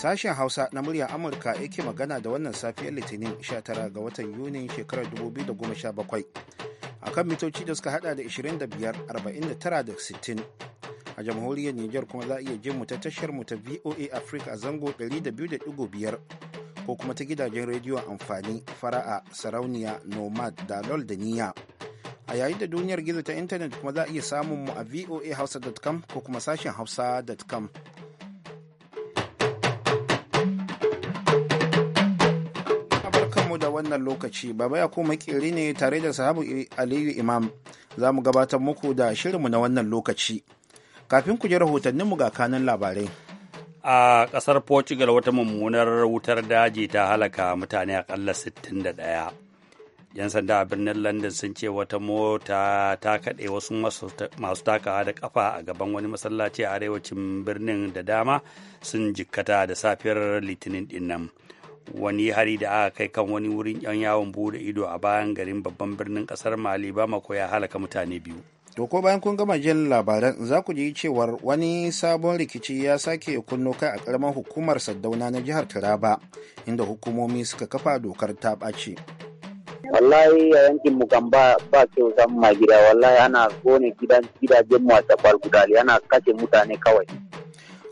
Sashen Hausa na murya Amurka yake magana da wannan safiyar Litinin 19 ga watan Yunin shekarar 2017 akan mitoci da suka hada da 25, da 60. A jamhuriyar Nijar kuma za a iya jin mu ta tashar mu ta VOA Africa a zango 200.5 ko kuma ta gidajen rediyo amfani fara'a sarauniya nomad da lol da niya. A yayin da duniyar gizo ta intanet kuma za a iya samun mu a voahausa.com ko kuma sashen hausa.com. mu da wannan lokaci baba ya kuma ne tare da sahabu aliyu imam za mu gabatar muku da shirinmu na wannan lokaci kafin ku ji rahotanninmu ga kanan labarai a ƙasar portugal wata mummunar wutar daji ta halaka mutane akalla 61 yan sanda a birnin london sun ce wata mota ta kaɗe wasu masu takawa da kafa a gaban wani masallaci a arewacin birnin da dama sun jikkata da safiyar litinin dinnan. wani hari da aka kai kan wani wurin 'yan yawon bude ido a bayan garin babban birnin kasar mali bamako ya halaka mutane biyu to ko bayan kun gama jin labaran za ku ji cewar wani sabon rikici ya sake kunno kai a karamar hukumar saddauna na jihar taraba inda hukumomi suka kafa dokar ta ɓace wallahi a yankin mu kan ba ba kyau san gida wallahi ana gone gidajen mu a gudali ana kashe mutane kawai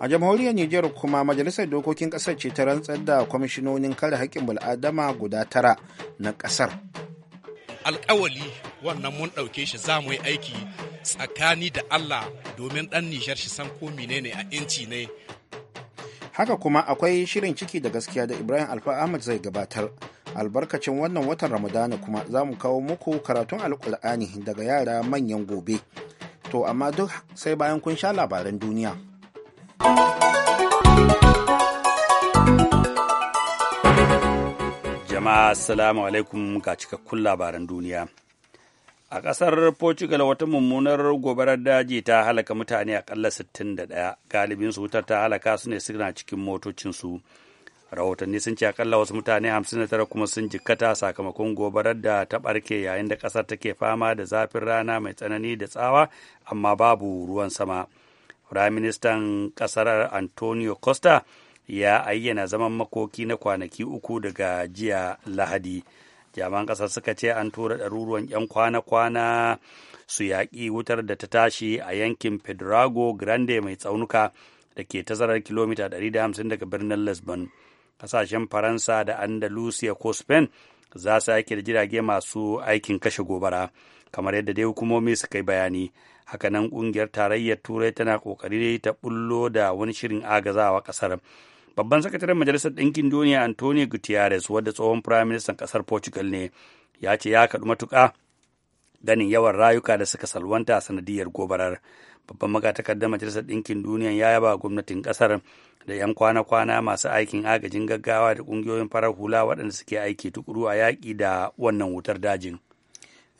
a jamhuriyar niger kuma majalisar dokokin kasar ce ta rantsar da kwamishinonin kare haƙƙin bul'adama guda tara na kasar alkawali wannan mun ɗauke shi za mu yi aiki tsakani da allah domin ɗan nijar shi san ko menene a inci ne haka kuma akwai shirin ciki da gaskiya da ibrahim alfa ahmad zai gabatar albarkacin wannan watan ramadana kuma za mu kawo muku karatun alkur'ani daga yara manyan gobe to amma duk sai bayan kun sha labaran duniya Jama'a Salamu alaikum ga cikakkun labaran duniya. A ƙasar Portugal wata mummunar gobarar daji ta halaka mutane aƙalla 61 galibin su wutar ta halaka su ne suna cikin motocinsu. Rahotanni sun ce akalla wasu mutane 59 kuma sun jikkata sakamakon gobarar da ta ɓarke yayin da ƙasar take fama da zafin rana mai tsanani da tsawa amma babu ruwan sama. Firaministan ƙasar Antonio Costa ya ayyana zaman makoki na kwanaki uku daga jiya Lahadi. Jaman ƙasar suka ce an tura ɗaruruwan 'yan kwana-kwana su yaƙi wutar da ta tashi a yankin Pedrago Grande mai tsaunuka da ke tazarar kilomita 150 daga birnin Lisbon. Ƙasashen Faransa da Andalusia ko Spain za su aiki da jirage masu aikin kashe gobara, kamar yadda dai hukumomi suka yi bayani. haka nan ƙungiyar tarayyar turai tana ƙoƙari ta bullo da wani shirin agazawa ƙasar babban sakataren majalisar ɗinkin duniya antonio gutierrez wadda tsohon firaministan ƙasar portugal ne ya ce ya kaɗu matuƙa ganin yawan rayuka da suka salwanta a sanadiyar gobarar babban magatakardar majalisar ɗinkin duniya ya yaba gwamnatin ƙasar da 'yan kwana-kwana masu aikin agajin gaggawa da ƙungiyoyin farar hula waɗanda suke aiki tukuru a yaƙi da wannan wutar dajin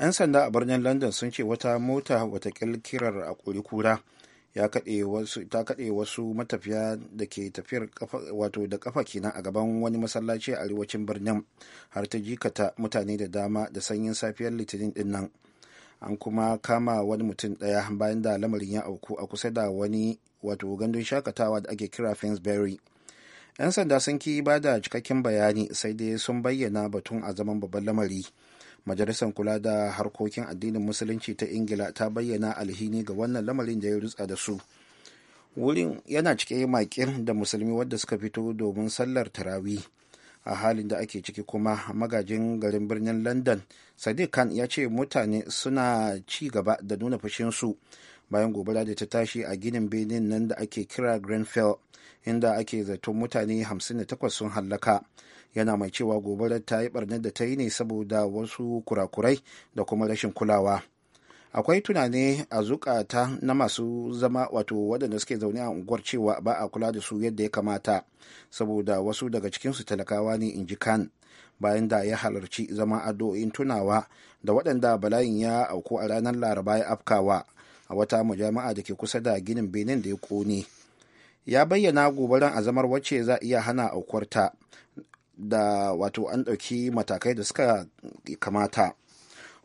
'yan sanda a birnin london sun ce wata mota watakil kirar a kuri kura ta kaɗe wasu matafiya da ke tafiyar wato da kafa kenan a gaban wani masallaci a arewacin birnin har ta jikata mutane da dama da sanyin safiyar litinin din nan an kuma kama wani mutum ɗaya bayan da lamarin ya auku a kusa da wani wato gandun shakatawa da ake kira finsbury 'yan sanda sun ki ba da cikakken bayani sai dai sun bayyana batun a zaman babban lamari majalisar kula da harkokin addinin musulunci ta ingila ta bayyana alhini ga wannan lamarin da ya rutsa da su wurin yana cike makin da musulmi wadda suka fito domin sallar tarawi a halin da ake ciki kuma magajin garin birnin london sadiq khan ya ce mutane suna ci gaba da nuna fushinsu bayan gobara da ta tashi a ginin benin nan da ake kira grenfell inda ake zaton mutane 58 sun hallaka yana mai cewa gobarar ta yi barnar da ta yi ne saboda wasu kurakurai da kuma rashin kulawa akwai tunani a zukata na masu zama wato waɗanda suke zaune a unguwar cewa ba a kula da su yadda ya kamata saboda wasu daga cikinsu talakawa ne in ji kan bayan da ya halarci zama addu'o'in tunawa da waɗanda bala'in ya auku a ranar laraba ya afkawa a wata majami'a da ke kusa da ginin benin da ya ƙone ya bayyana gobaran azamar wacce za iya hana aukuwarta da wato an ɗauki matakai da suka kamata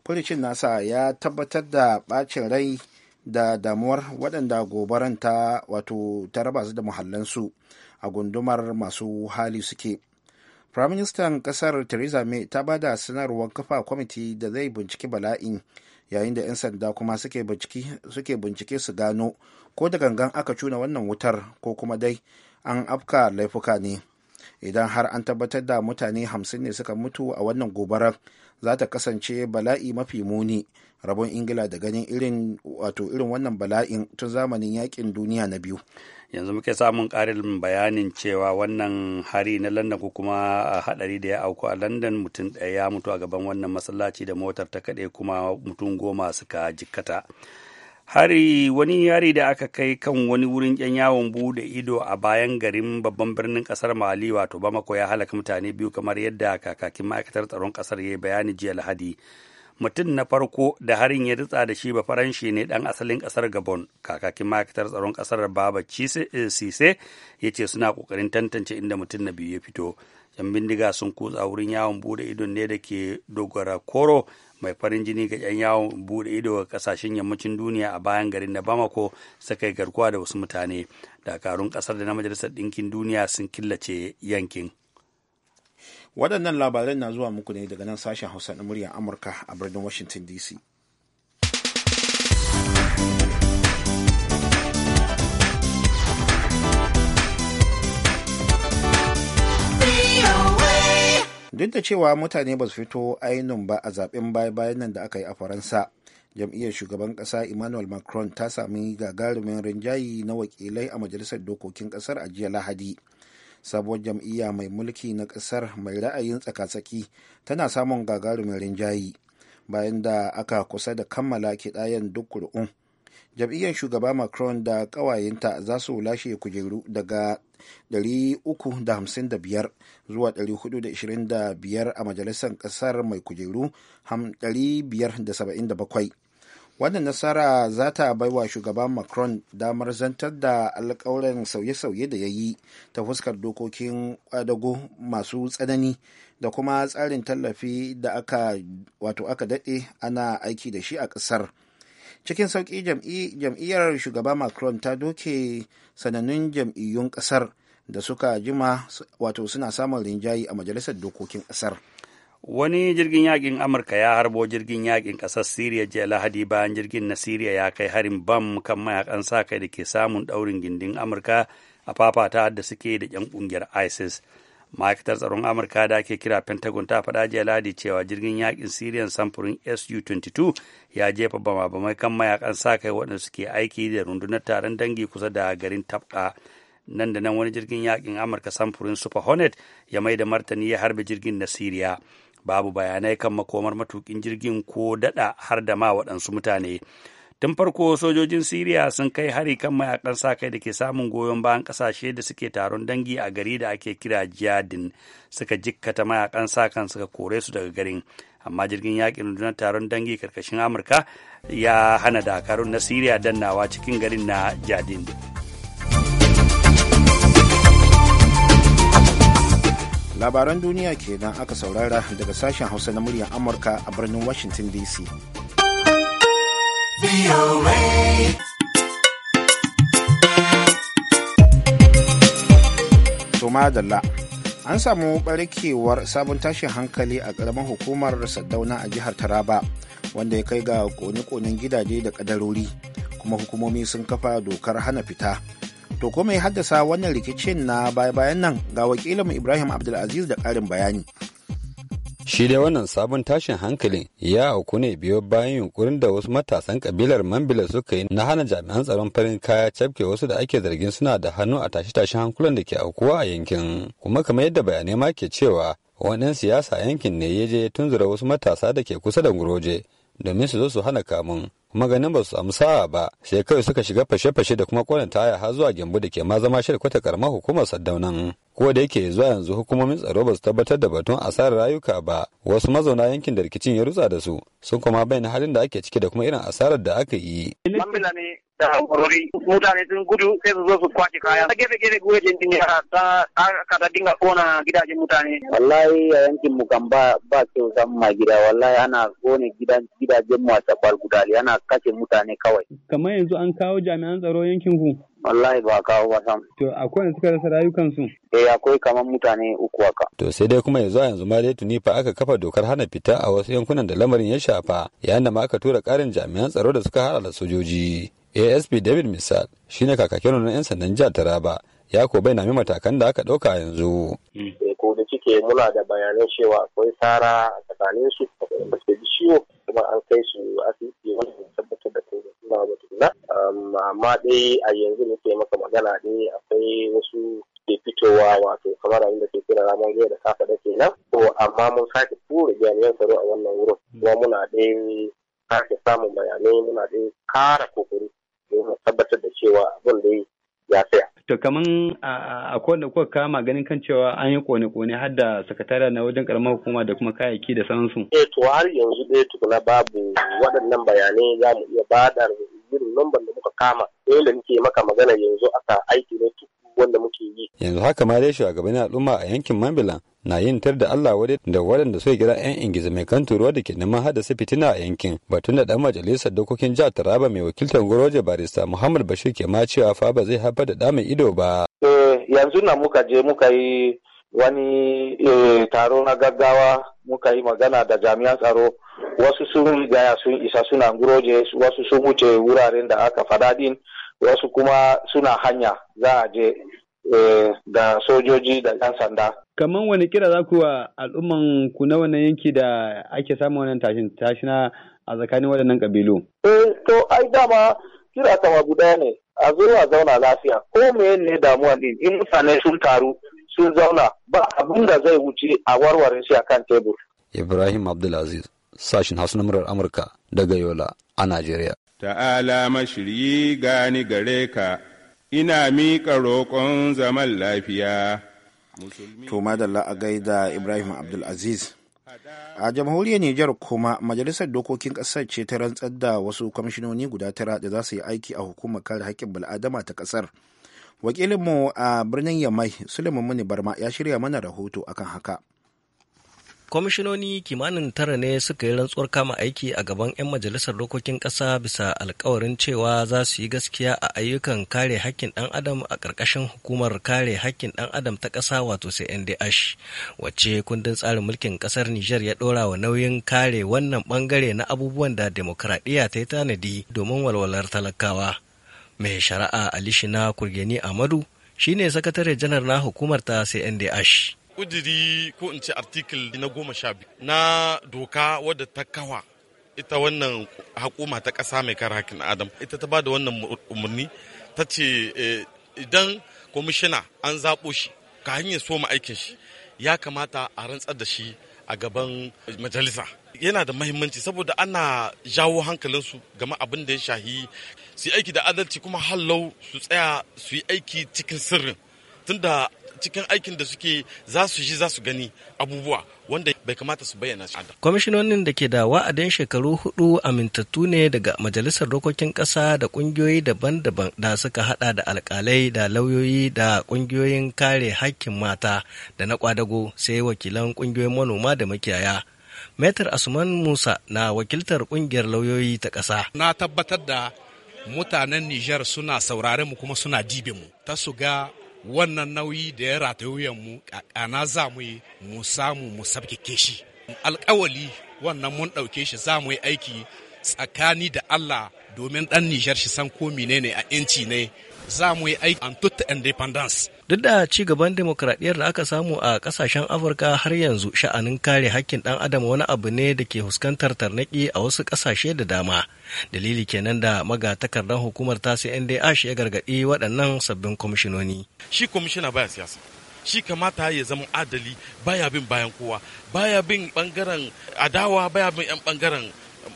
furicin nasa ya tabbatar da ɓacin rai da damuwar waɗanda gobaran ta wato ta raba su da muhallansu a gundumar masu hali suke firaministan ƙasar theresa may ta ba da sanarwar kafa kwamiti da zai binciki bala'in yayin da 'yan sanda kuma suke bincike su gano ko da gangan aka cuna wannan wutar ko kuma dai an afka laifuka ne idan har an tabbatar da mutane hamsin ne suka mutu a wannan gobarar za ta kasance bala'i mafi muni rabon ingila da ganin irin irin wannan bala'in tun zamanin yakin duniya na biyu yanzu muke samun karin bayanin cewa wannan hari na london ko kuma a ah, hadari da ya auku a london mutum ɗaya ya mutu a gaban wannan masallaci da motar ta kaɗe kuma mutum goma suka jikkata hari wani yari da aka kai kan wani wurin yan yawon bude ido a bayan garin babban birnin kasar mali wato bamako ya halaka mutane biyu kamar yadda kakakin ma'aikatar tsaron kasar ya yi bayani jiya lahadi mutum na farko da harin ya ritsa da shi ba faranshi ne dan asalin kasar gabon kakakin ma'aikatar tsaron kasar baba cise eh, ya ce suna kokarin tantance inda mutum na biyu ya fito yan bindiga sun kutsa wurin yawon bude ido ne da ke dogara koro mai farin jini ga yan yawon bude ido ga kasashen yammacin duniya a bayan garin na bamako suka yi garkuwa da wasu mutane dakarun kasar da na majalisar ɗinkin duniya sun killace yankin waɗannan labaran na zuwa muku ne daga nan sashen hausa na muryar amurka a birnin washington dc duk da cewa mutane ba su fito ainun ba a zaben baya-bayan nan da aka yi a faransa jam'iyyar shugaban kasa emmanuel macron ta sami gagarumin rinjayi na wakilai a majalisar dokokin kasar a jiya lahadi sabuwar jam'iyya mai mulki na ƙasar mai ra'ayin tsakatsaki tana samun gagarumin rinjayi bayan da aka kusa da kammala kiɗayen duk kuri'un jam'iyyar shugaba macron da ƙawayenta za su lashe kujeru daga 355 zuwa 425 a majalisar ƙasar mai kujeru 577 wannan nasara za ta baiwa shugaban macron damar zantar da alkawarin sauye-sauye da ya yi ta fuskar dokokin kwadago masu tsanani da kuma tsarin tallafi da aka wato aka daɗe ana aiki da shi a ƙasar cikin sauƙi jam'iyyar shugaba macron ta doke sanannun jam'iyyun ƙasar da suka jima wato suna samun rinjayi a majalisar dokokin ƙasar wani jirgin yakin amurka ya harbo jirgin yakin kasar siriya jiya lahadi bayan jirgin na siriya ya kai harin bam kan mayakan sa kai da ke samun daurin gindin amurka a fafata da suke da yan kungiyar isis ma'aikatar tsaron amurka da ake kira pentagon ta faɗa jiya lahadi cewa jirgin yakin siriyan samfurin su-22 ya jefa bama bama kan mayakan sa kai waɗanda suke aiki da rundunar taron dangi kusa da garin tabka nan da nan wani jirgin yakin amurka samfurin super hornet ya mai da martani ya harbe jirgin na siriya babu bayanai kan makomar matukin jirgin ko dada har da ma waɗansu mutane tun farko sojojin siriya sun kai hari kan mayakan sa kai da ke samun goyon bayan kasashe da suke taron dangi a gari da ake kira jihadin suka jikkata mayakan sa kan suka kore su daga garin amma jirgin yakin rundunar taron dangi karkashin amurka ya hana dakarun na siriya dannawa cikin garin na jadin labaran duniya kenan aka saurara daga sashen hausa na muryar amurka a birnin washington dc madalla an samu barkewar sabon tashin hankali a karamar hukumar sadauna a jihar taraba wanda ya kai ga kone-konen gidaje da kadarori kuma hukumomi sun kafa dokar hana fita To kuma mai haddasa wannan rikicin na baya-bayan nan ga wakilinmu Ibrahim Abdulaziz da karin bayani. Shi dai wannan sabon tashin hankalin ya auku ne biyo bayan yunkurin da wasu matasan kabilar Mambila suka yi na hana jami'an tsaron farin kaya cafke wasu da ake zargin suna da hannu a tashe-tashen hankulan da ke aukuwa a yankin. Kuma kamar yadda bayanai ma ke cewa wani siyasa yankin ne ya je ya tunzura wasu matasa da ke kusa da guroje domin su zo su hana kamun. maganin ba su samu sa'a ba sai kawai suka shiga fashe-fashe da kuma kwanan taya har zuwa gyambu da ke ma zama shirya kwata karamar hukumar saddaunan ko da yake zuwa yanzu hukumomin tsaro ba su tabbatar da batun asarar rayuka ba wasu mazauna yankin da rikicin ya rutsa da su sun kuma bayyana halin da ake ciki da kuma irin asarar da aka yi. da haurori mutane sun gudu sai su zo su kwace kayan. ta gefe gefe gure jin yara ta aka ta dinga kona gidajen mutane wallahi a yankin mu kan ba ba kyau zama gida wallahi ana kone gidajen mu a sabal gudali ana kashe mutane kawai kamar yanzu an kawo jami'an tsaro yankin ku wallahi ba kawo ba sam to akwai suka rasa rayukansu eh akwai kamar mutane uku haka to sai dai kuma yanzu a yanzu ma dai tuni fa aka kafa dokar hana fita a wasu yankunan da lamarin ya shafa yayin da ma aka tura karin jami'an tsaro da suka hada da sojoji asp david misal shine kakakin na 'yan sandan jihar taraba ya ko bai nami matakan da aka dauka yanzu. ko da cike muna da bayanan cewa akwai tsara a tsakanin su ba su ji ciwo kuma an kai su asibiti wanda tabbatar da kai suna ba tukuna amma dai a yanzu nake maka magana ne akwai wasu ke fitowa wato kamar abin da ke kira ramar jiya da kafa da kenan ko amma mun sake tura jami'an tsaro a wannan wurin kuma muna dai sake samun bayanai muna dai kara kokari domin tabbatar da cewa abin da ya tsaya. To kaman a kowanne kuka kama ganin kan cewa an yi kone-kone har da sakatare na wajen karamar hukuma da kuma kayayyaki da sansu. Eh to har yanzu dai tukuna babu waɗannan bayanai za mu iya ba da irin lambar da muka kama. Dole nake maka magana yanzu a aiki ne wanda muke yi. Yanzu haka ma dai shugabannin al'umma a yankin Mambilan na yin tar da Allah wadai da waɗanda suka kira 'yan ingiza mai kan turuwa da ke neman haddasa fitina a yankin batun da ɗan majalisar dokokin jihar Taraba mai wakiltar Goroje Barista Muhammad Bashir ke ma cewa fa ba zai haifar da ɗa mai ido ba. Eh yanzu na muka je muka yi wani eh, taro na gaggawa muka yi magana da jami'an tsaro wasu sun rigaya sun isa suna guroje wasu sun wuce wuraren da aka fada din wasu kuma suna hanya za a je eh, da sojoji da 'yan sanda. Kamar wani kira za ku wa al'umman ku na wannan yanki da ake samun wannan tashin tashina a tsakanin waɗannan ƙabilu? Eh, to ai dama kira ta guda ne a zo a zauna lafiya ko meye ne damuwa ne, in mutane sun taru sun zauna ba abin da zai wuce a warware shi akan tebur. Ibrahim Abdulaziz, sashin Hausa na Amurka daga Yola a Najeriya. ta'ala mashiryi gani gare ka, ina miƙa roƙon zaman lafiya. To madalla a gaida Ibrahim Abdulaziz. A jamhuriyar Nijar kuma majalisar dokokin ƙasar ce ta rantsar da wasu kwamishinoni guda tara da za su yi aiki a hukumar kare haƙƙin bil'adama ta ƙasar. Wakilinmu a birnin Yamai, Suleiman Muni Barma ya shirya mana rahoto akan haka. kwamishinoni kimanin tara ne suka yi rantsuwar kama aiki a gaban 'yan majalisar dokokin ƙasa bisa alkawarin cewa za su yi gaskiya a ayyukan kare hakkin ɗan adam a ƙarƙashin hukumar kare hakkin ɗan adam ta ƙasa wato cndh wacce kundin tsarin mulkin ƙasar niger ya ɗora wa nauyin kare wannan ɓangare na abubuwan da demokuraɗiyya ta yi tanadi domin walwalar talakawa mai shari'a alishina kurgeni amadu shine sakatare janar na hukumar ta cndh kudiri ko in ce artikel na goma sha biyu na doka wadda ta kawa ita wannan hakuma ta kasa mai kare hakkin adam ita ta ba da wannan umarni ta ce eh, idan kwamishina an zaɓo shi ka hanyar soma aikin shi ya kamata a rantsar da shi a gaban majalisa yana da mahimmanci saboda ana jawo hankalinsu game abin da ya shahi su yi aiki da adalci kuma hallau su tsaya su yi aiki cikin sirrin tunda cikin aikin da suke za su ji za su gani abubuwa wanda bai kamata su bayyana shi. Kwamishinonin da ke da wa'adin shekaru hudu amintattu ne daga Majalisar Dokokin Ƙasa da ƙungiyoyi daban-daban da suka hada da alkalai da lauyoyi da ƙungiyoyin kare hakkin mata da na kwadago sai wakilan ƙungiyoyin manoma da makiyaya. Metar Asuman Musa na wakiltar ƙungiyar lauyoyi ta ƙasa. Na tabbatar da mutanen Nijar suna saurare mu kuma suna dibe mu ta su ga wannan nauyi da ya rata wuyanmu ƙaƙana za mu yi mu samu mu sabkake shi alƙawali wannan mun ɗauke shi za mu yi aiki tsakani da allah domin ɗan nijar shi san ko menene a inci ne za mu yi aiki an tutta independence. Duk da ci gaban demokradiyyar da aka samu a kasashen Afirka har yanzu sha'anin kare hakkin ɗan adam wani abu ne da ke fuskantar tarnaki a wasu ƙasashe da dama. Dalili kenan da magatakardar hukumar ta CNDH ya gargaɗi waɗannan sabbin kwamishinoni. Shi kwamishina baya siyasa. Shi kamata ya zama adali baya bin bayan kowa, baya bin bangaren adawa, baya bin 'yan bangaren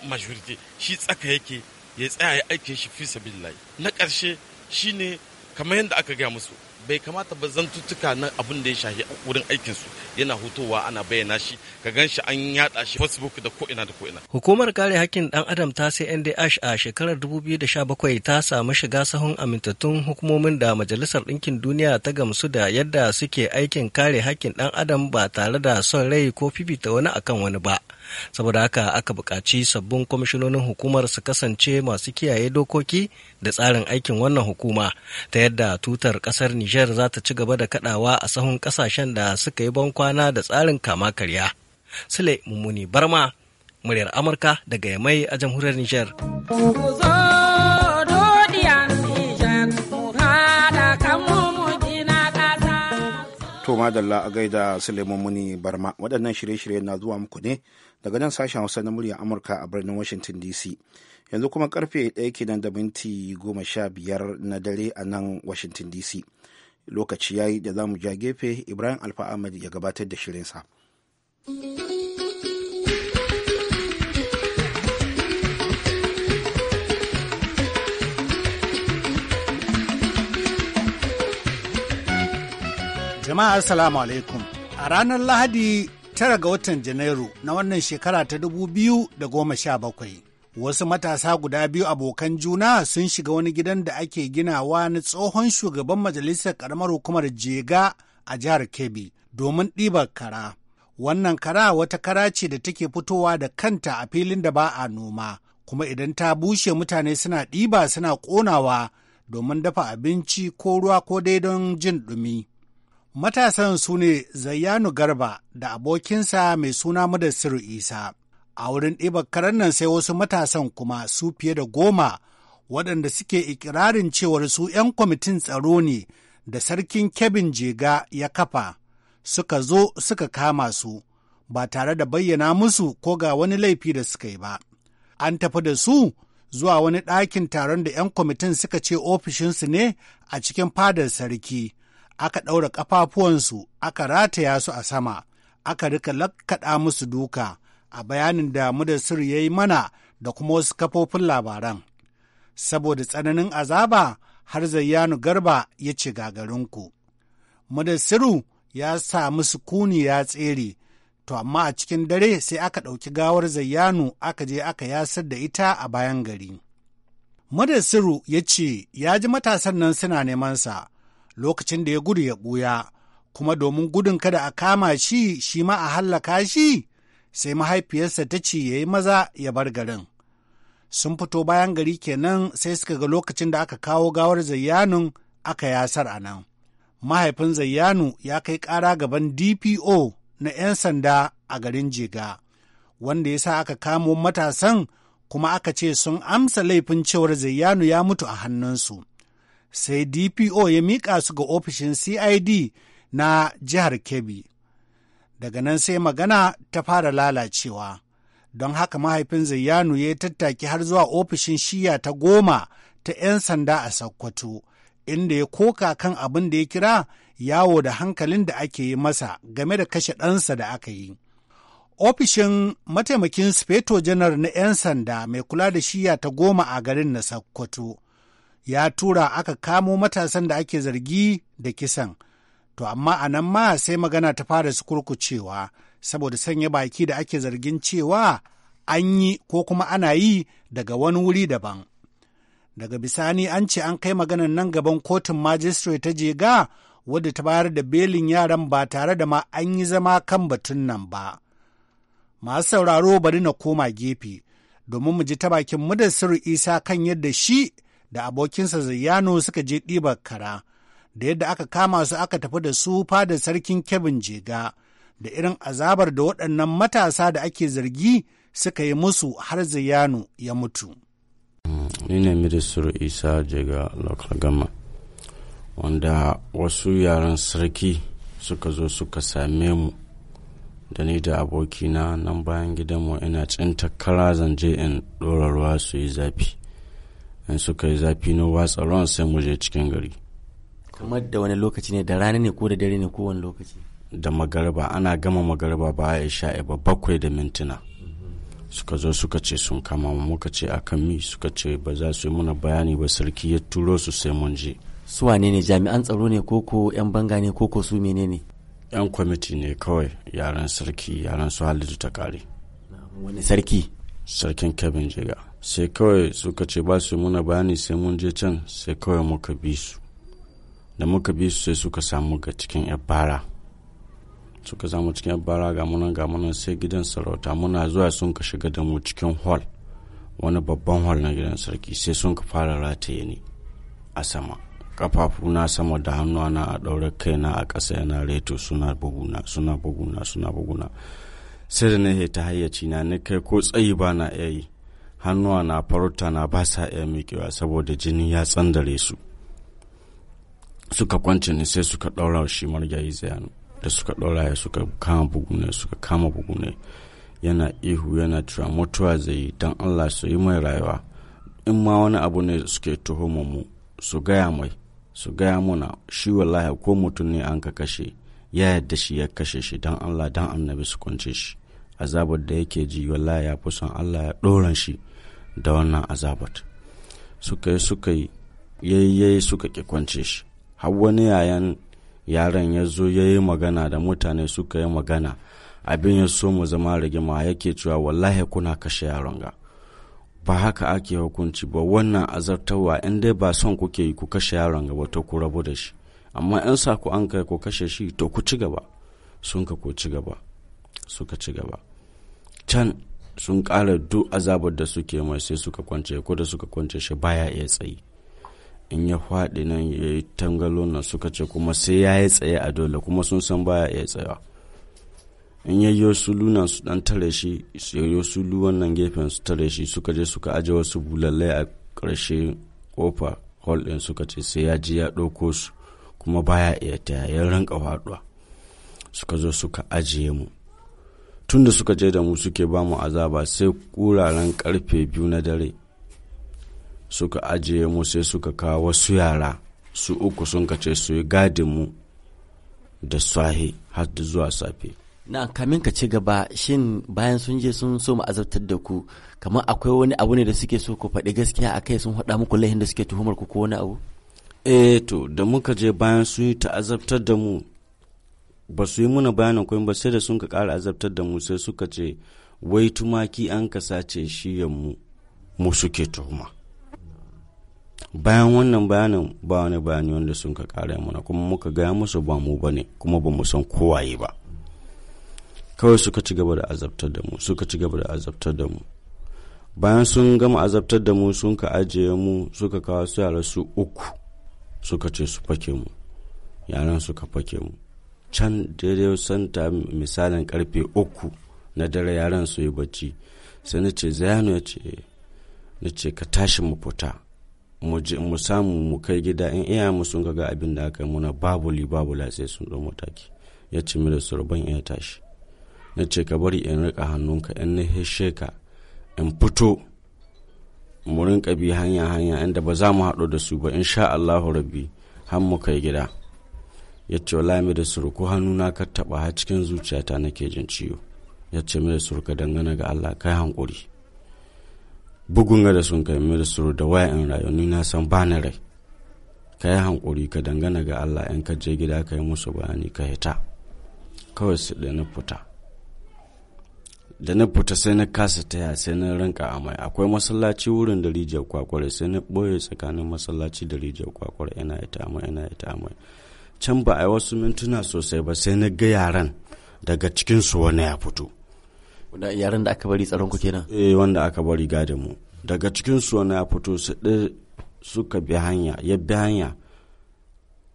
majority. Shi tsaka yake ya tsaya ya aikin shi fi sabilillahi. Na ƙarshe shine kamar yadda aka gaya musu bai kamata ba zantuttuka na abin da ya shahi wurin aikinsu yana hutowa ana bayyana shi ka gan shi an yada shi facebook da ko'ina da ko'ina. hukumar kare hakkin dan adam ta sai ndh a shekarar 2017 ta samu shiga sahun amintattun hukumomin da majalisar ɗinkin duniya ta gamsu da yadda suke aikin kare hakkin dan adam ba tare da son rai ko fifita wani akan wani ba. saboda haka aka buƙaci sabbin kwamishinonin hukumar su kasance masu kiyaye dokoki da tsarin aikin wannan hukuma ta yadda tutar ƙasar Nijar za ta ci gaba da kaɗawa a sahun ƙasashen da suka yi bankwana da tsarin kama karya. Sule Mummuni Barma, muryar Amurka daga Yamai a jamhuriyar Nijar. To madalla a gaida Suleiman Muni Barma waɗannan shirye-shirye na zuwa muku ne daga nan sashen Hausa na muryar Amurka a birnin Washington DC. Yanzu kuma karfe ɗaya kenan da minti goma sha biyar na dare a nan Washington DC. Lokaci yayi da za mu ja gefe Ibrahim Alfa Ahmad ya gabatar da shirinsa. sa. Jama'a Assalamu alaikum. A ranar Lahadi tara ga watan Janairu na wannan shekara ta dubu biyu da goma sha bakwai. Wasu matasa guda biyu abokan juna sun shiga wani gidan da ake ginawa na tsohon shugaban majalisar karamar hukumar Jega a jihar Kebbi domin ɗibar kara. Wannan kara wata kara ce da take fitowa da kanta a filin da ba a noma, kuma idan ta bushe mutane suna ɗiba suna ƙonawa domin dafa abinci ko ruwa ko dai don jin ɗumi. Matasan su ne Zayyanu Garba da abokinsa mai suna Madassiru Isa. A wurin ɗibar karen nan sai wasu matasan kuma su fiye da goma waɗanda suke ikirarin cewar su ‘yan kwamitin tsaro ne da sarkin kebin jega ya kafa suka zo suka kama su ba tare da bayyana musu ko ga wani laifi da suka yi ba. An tafi da su zuwa wani ɗakin taron da ‘yan kwamitin suka ce ofishinsu ne a cikin fadar sarki. aka ɗaura ƙafafuwansu aka rataya su a sama, aka rika lakkaɗa musu duka a bayanin da Mudassir ya yi mana da kuma wasu kafofin labaran. Saboda tsananin azaba har Zayyanu Garba ya ce gagarinku. Mudassiru ya sa musu kuni ya tsere, to amma a cikin dare sai aka ɗauki gawar Zayyanu aka je aka yasar da ita a bayan gari. Mudassiru ya ce ya ji matasan nan suna nemansa. sa. lokacin da ya gudu ya ɓuya, kuma domin gudun kada a kama shi shi ma a hallaka shi, sai mahaifiyarsa ta ce ya yi maza ya bar garin. Sun fito bayan gari kenan sai suka ga lokacin da aka kawo gawar zayyanun aka yasar a nan. Mahaifin zayyanu ya kai ƙara gaban DPO na 'yan sanda a garin Jega, wanda ya sa aka kamo matasan kuma aka ce sun amsa laifin cewar zayyanu ya mutu a hannunsu. sai DPO ya miƙa su ga ofishin CID na jihar Kebbi. Daga nan sai magana ta fara lalacewa, don haka mahaifin Zayyanu ya tattaki har zuwa ofishin shiya ta goma ta 'yan sanda a Sokoto, inda ya koka kan abin da ya kira yawo da hankalin da ake yi masa game da kashe ɗansa da aka yi. Ofishin mataimakin Sufeto janar na 'yan sanda mai kula da shiya ta goma a garin na Sokoto. ya tura aka kamo matasan da ake zargi da kisan. To amma a nan ma sai magana ta fara su kurkucewa saboda sanya baki da ake zargin cewa an yi ko kuma ana yi daga wani wuri daban. Daga bisani an ce an kai maganan nan gaban kotun majistare ta jega wadda ta bayar da belin yaran ba tare da ma an yi zama kan batun nan ba. Masu sauraro bari na koma gefe domin mu ji ta bakin mu Isa kan yadda shi da abokinsa Zayyano suka je ɗibar kara, da yadda aka kama su aka tafi da su fada sarkin kebin jega, da irin azabar da waɗannan matasa da ake zargi suka yi musu har Zayyano ya mutu. Ni ne Ministar Isa Jega Local Gama, wanda wasu yaren sarki suka zo suka same mu. da ni da abokina nan bayan gidanmu ina tsinta kara zanje in ɗora ruwa su yi zafi in suka yi zafi na watsa ruwan sai mu je cikin gari kamar da wani lokaci ne da rana ne ko da dare ne ko lokaci da magarba ana gama magarba ba ya sha ba bakwai da mintuna suka zo suka ce sun kama muka ce akan mi suka ce ba za su yi muna bayani ba sarki ya turo su sai mun je su wane ne jami'an tsaro ne ko ko yan banga ne ko ko su ne. yan kwamiti ne kawai yaran sarki yaran su halittu ta kare wani sarki sarkin kabin jiga sai kawai suka ce ba su muna bayani sai mun je can sai kawai muka bi su da muka bi su sai suka samu ga cikin suka samu cikin bara ga munan ga munan sai gidan sarauta muna zuwa sun ka shiga da mu cikin hall wani babban hall na gidan sarki sai sun ka fara rataye ni a sama kafafuna sama da na a ɗaure kaina a ƙasa yana reto suna buguna suna buguna suna buguna sai da na ta hayyaci na ni kai ko tsayi ba na iya yi hannuwa na farauta na ba sa iya miƙewa saboda jini ya tsandare su suka kwance ni sai suka ɗaura shi yi zayanu da suka ɗaura ya suka kama bugune suka kama bugune yana ihu yana cewa mutuwa zai don allah su yi mai rayuwa in ma wani abu ne suke tuhuma mu su gaya mai su gaya muna shi wallahi ko mutum ne an ka kashe ya yadda shi ya kashe shi don allah don annabi su kwance shi azabar da yake ji wallahi ya fi son Allah ya ɗoran shi da wannan azabar suka yi suka yi yayyayi suka ki kwance shi har wani yayan yaron ya zo ya yi magana da mutane suka yi magana abin ya so mu zama rigima yake cewa wallahi kuna kashe yaron ga ba haka ake hukunci ba wannan azartarwa in dai ba son kuke yi ku kashe yaron ga to ku rabu da shi amma in sa ku an kai ku kashe shi to ku ci gaba sun ka ku ci gaba suka ci gaba can sun ƙara duk azabar da suke mai sai suka kwance ko da suka kwance shi baya iya tsayi in ya faɗi nan ya yi tangalo nan suka ce kuma sai ya yi tsaye a dole kuma sun san baya iya tsayawa in ya yi wasu su dan tare shi su yi luwan wannan gefen su tare shi suka je suka aje wasu bulallai a ƙarshe kofa hall ɗin suka ce sai ya ji ya ɗauko su kuma baya iya taya ya rinka faɗuwa suka zo suka ajiye mu tun da suka je da mu suke ba mu azaba sai kuraren karfe biyu na dare suka ajiye mu sai suka kawo wasu yara su uku sun kace su yi gadin mu da sahi har da zuwa safe na kamin ka ci gaba shin bayan sun je sun so mu azabtar da ku kamar akwai wani abu ne da suke so ku faɗi gaskiya a kai sun haɗa muku laihin da suke tuhumar ku ko wani abu eh to da muka je bayan sun yi ta azabtar da mu ba su yi muna bayanin komai ba sai da sun ka kara azabtar da mu sai suka ce wai tumaki an ka sace shi mu mu suke tuhuma bayan wannan bayanin ba wani bayani wanda sun ka ƙara muna kuma muka gaya musu ba mu ba ne kuma ba mu san kowaye ba kawai suka ci gaba da azabtar da mu suka ci gaba da azabtar da mu bayan sun gama azabtar da mu sun ka ajiye mu suka kawo su yara su uku suka ce su fake mu yaran suka fake mu can daidai santa misalin karfe uku na dare yaran su yi bacci sai na ce zayano ya ce na ce ka tashi mu fita mu samu mu kai gida in iya mu sun ga abin da aka muna babu li babu sai sun ɗau mataki ya ce mi da surban iya tashi na ce ka bari in rika hannunka in na hishe ka in fito mu rinka bi hanya hanya inda ba za mu haɗu da su ba in sha Allahu rabbi har mu kai gida ya ce wala da suruku na ka taɓa har cikin zuciyata nake jin ciwo ya ce mai da suruka dangane ga allah kai hankuri bugun ga da sun kai mai da suru da waya in rayu na san ba na rai ka yi hankuri ka dangana ga allah in ka je gida ka yi musu bayani ka hita kawai su da na fita da na fita sai na kasa taya sai na rinka amai akwai masallaci wurin da rijiyar kwakwara sai na ɓoye tsakanin masallaci da rijiyar kwakwar ina ita amai ina ita amai can ba a yi wasu mintuna sosai ba sai na ga yaran daga cikinsu wani ya fito wanda yaran da aka bari tsaron ku kenan eh wanda aka bari gada mu daga cikinsu wani ya fito su ɗi suka bi hanya ya bi hanya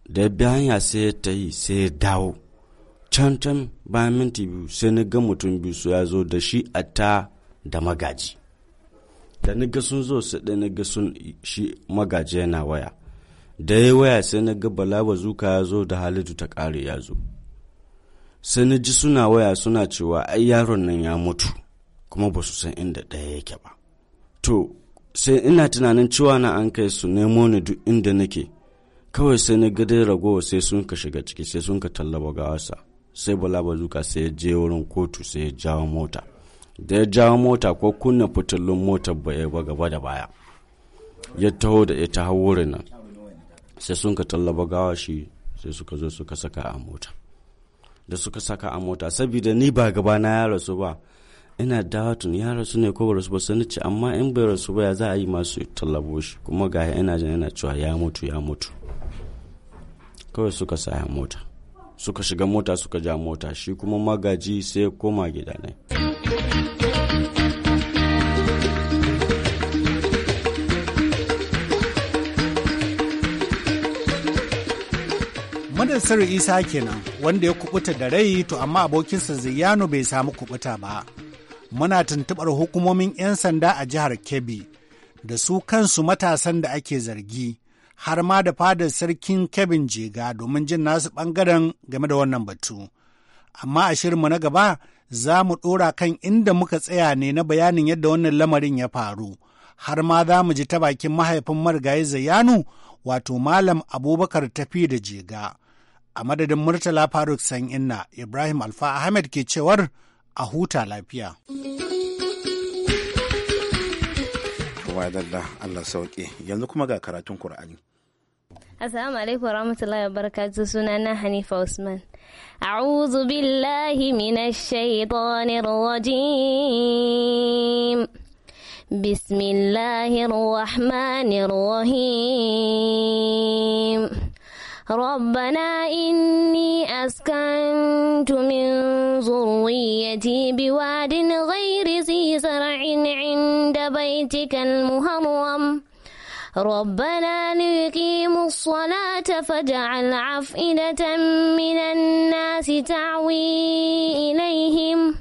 da ya bi hanya sai ya ta yi sai ya dawo can can bayan minti biyu sai na ga mutum biyu su ya zo da shi a ta da magaji da na ga sun zo su ɗi na ga sun shi magaji yana waya da ya waya sai na ga bala bazuka ya zo da halidu ta ƙare ya zo sai na ji suna waya suna cewa ai yaron nan ya mutu kuma ba su san inda ɗaya yake ba to sai ina tunanin cewa na an kai su nemo ni duk inda nake kawai sai na dai ragowa sai sun ka shiga ciki sai sun ka tallaba ga wasa sai bala bazuka sai ya je wurin kotu sai ya jawo mota da ya jawo mota ko kunna fitilun motar ba ya gaba da baya ya taho da ita hawo nan sai sun ka tallaba gawa shi sai suka zo suka saka a mota da suka saka a mota saboda ni ba gaba na ya rasu ba ina dawatun ya rasu ne ko rasu ba sun ce amma in bai rasu ba ya za a yi masu tallabo shi kuma ga ina jin yana cewa ya mutu ya mutu kawai suka saya mota suka shiga mota suka ja mota shi kuma magaji sai koma gida ne. Nasiru Isa kenan wanda ya kubuta da rai to amma abokinsa Ziyano bai samu kubuta ba. Muna tuntubar hukumomin 'yan sanda a jihar Kebbi da su kansu matasan da ake zargi har ma da fadar sarkin kebin Jega domin jin nasu bangaren game da wannan batu. Amma a shirinmu na gaba za mu ɗora kan inda muka tsaya ne na bayanin yadda wannan lamarin ya faru. Har ma za mu ji ta bakin mahaifin marigayi Zayanu wato Malam Abubakar tafi da jega a madadin Murtala Faruk San'inna Ibrahim Alfa Ahmed ke cewar a huta lafiya. Wadalla Allah sauke yanzu kuma ga karatun Kur'ani. Assalamu alaikum warahmatullahi wabarakatuh na Hanifa Usman. A'udhu billahi minash shaitanir rajim. Bismillahir rahmanir rahim. ربنا إني أسكنت من ذريتي بواد غير ذي زرع عند بيتك المهرم ربنا ليقيموا الصلاة فاجعل عفئدة من الناس تعوي إليهم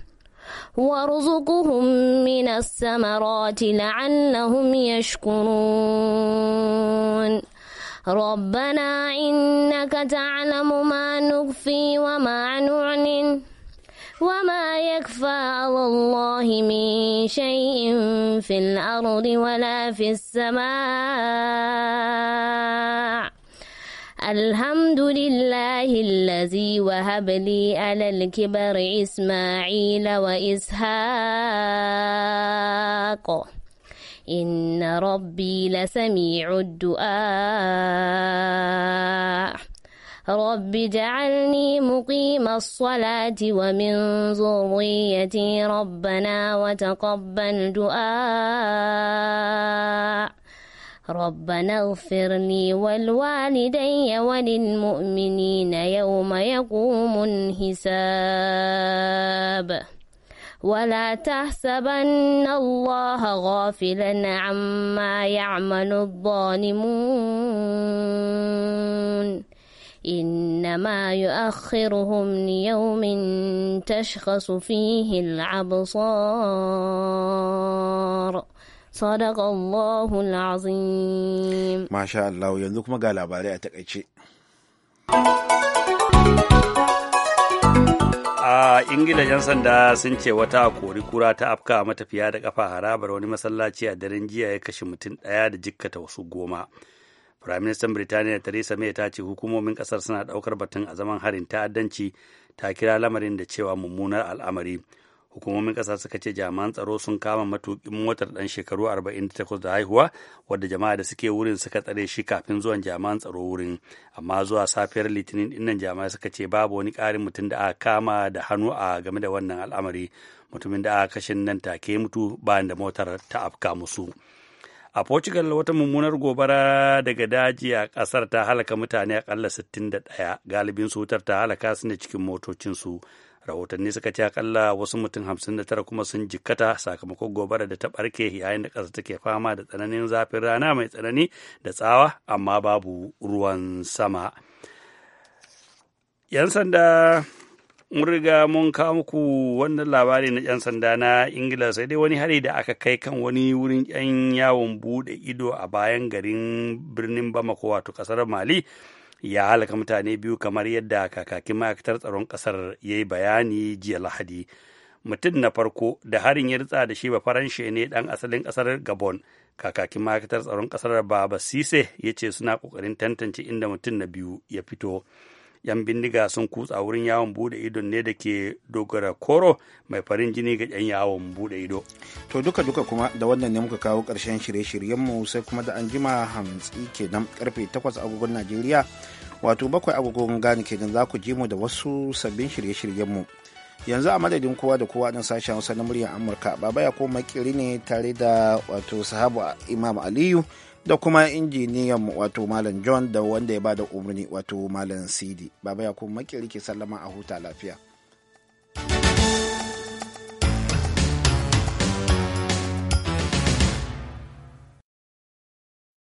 وارزقهم من الثمرات لعلهم يشكرون ربنا إنك تعلم ما نخفي وما نعلن وما يكفى على الله من شيء في الأرض ولا في السماء الحمد لله الذي وهب لي على الكبر إسماعيل وإسحاق إن ربي لسميع الدعاء رب اجعلني مقيم الصلاة ومن ذريتي ربنا وتقبل دعاء ربنا اغفر لي والوالدي وللمؤمنين يوم يقوم الحساب ولا تحسبن الله غافلا عما يعمل الظالمون إنما يؤخرهم ليوم تشخص فيه الأبصار صدق الله العظيم ما شاء الله ينذكم قال أباري أتكأتشي a ingila yan sanda sun ce wata kori kura ta afka matafiya da kafa harabar wani masallaci a daren jiya ya kashe mutum daya da jikkata wasu goma firaministan birtaniya theresa may ta ce hukumomin kasar suna ɗaukar batun a zaman harin ta'addanci ta kira lamarin da cewa mummunar al'amari hukumomin ƙasa suka ce jami'an tsaro sun kama matukin motar ɗan shekaru 48 da haihuwa wadda jama'a da suke wurin suka tsare shi kafin zuwan jami'an tsaro wurin amma zuwa safiyar litinin dinnan jami'a suka ce babu wani karin mutum da aka kama da hannu a game da wannan al'amari mutumin da aka kashe nan take mutu bayan da motar ta afka musu. a portugal wata mummunar gobara daga daji a kasar ta halaka mutane akalla 61 galibin su wutar ta halaka su ne cikin motocinsu rahotanni suka ce akalla wasu mutum hamsin 59 kuma sun jikkata sakamakon gobara da ta barke yayin da ƙasa take fama da tsananin zafin rana mai tsanani da tsawa amma babu ruwan sama 'yan sanda mun riga mun kawo muku wannan labari na 'yan sanda na ingila sai dai wani hari da aka kai kan wani wurin 'yan yawon bude ido a bayan garin birnin bamako wato kasar mali ya halaka mutane biyu kamar yadda kakakin ma'aikatar tsaron kasar ya yi bayani jiya lahadi mutum na farko da harin ya ritsa da shi ba faranshe ne dan asalin kasar gabon kakakin ma'aikatar tsaron ƙasar baba sise ya ce suna ƙoƙarin tantance inda mutum na biyu ya fito 'yan bindiga sun kutsa wurin yawon bude ido ne da ke dogara koro mai farin jini ga 'yan yawon bude ido to duka duka kuma da wannan ne muka kawo karshen shirye mu sai kuma da an jima hamtsi nan karfe 8 agogon najeriya wato bakwai agogon gani kenan za ku ji mu da wasu sabbin shirye shiryen mu yanzu a madadin kowa da kowa na sashen hausa na muryar amurka baba ya ko makiri ne tare da wato sahabu imam aliyu da kuma injiniyan wato malam john da wanda ya ba da umarni wato malam cd baba ya kuma makirki sallama a huta lafiya